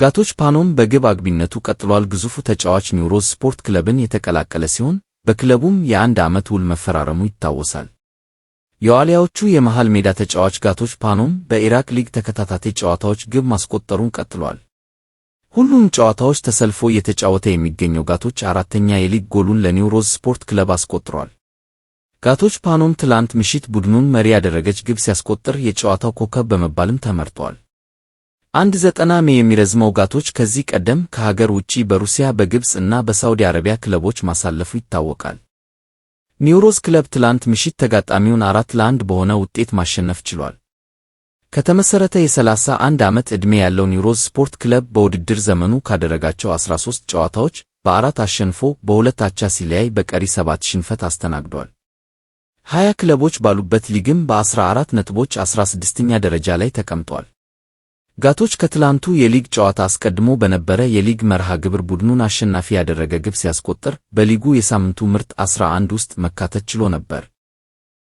ጋቶች ፓኖም በግብ አግቢነቱ ቀጥሏል። ግዙፉ ተጫዋች ኒውሮዝ ስፖርት ክለብን የተቀላቀለ ሲሆን በክለቡም የአንድ ዓመት ውል መፈራረሙ ይታወሳል። የዋልያዎቹ የመሃል ሜዳ ተጫዋች ጋቶች ፓኖም በኢራቅ ሊግ ተከታታይ ጨዋታዎች ግብ ማስቆጠሩን ቀጥሏል። ሁሉም ጨዋታዎች ተሰልፎ እየተጫወተ የሚገኘው ጋቶች አራተኛ የሊግ ጎሉን ለኒውሮዝ ስፖርት ክለብ አስቆጥሯል። ጋቶች ፓኖም ትላንት ምሽት ቡድኑን መሪ ያደረገች ግብ ሲያስቆጥር የጨዋታው ኮከብ በመባልም ተመርጧል። አንድ ዘጠና ሜ የሚረዝመው ጋቶች ከዚህ ቀደም ከሀገር ውጪ በሩሲያ በግብፅ እና በሳውዲ አረቢያ ክለቦች ማሳለፉ ይታወቃል። ኒውሮስ ክለብ ትላንት ምሽት ተጋጣሚውን አራት ለአንድ በሆነ ውጤት ማሸነፍ ችሏል። ከተመሠረተ የሰላሳ አንድ ዓመት ዕድሜ ያለው ኒውሮዝ ስፖርት ክለብ በውድድር ዘመኑ ካደረጋቸው 13 ጨዋታዎች በአራት አሸንፎ በሁለት አቻ ሲለያይ በቀሪ ሰባት ሽንፈት አስተናግዷል። ሀያ ክለቦች ባሉበት ሊግም በ14 ነጥቦች 16ኛ ደረጃ ላይ ተቀምጧል። ጋቶች ከትላንቱ የሊግ ጨዋታ አስቀድሞ በነበረ የሊግ መርሃ ግብር ቡድኑን አሸናፊ ያደረገ ግብ ሲያስቆጥር በሊጉ የሳምንቱ ምርጥ 11 ውስጥ መካተት ችሎ ነበር።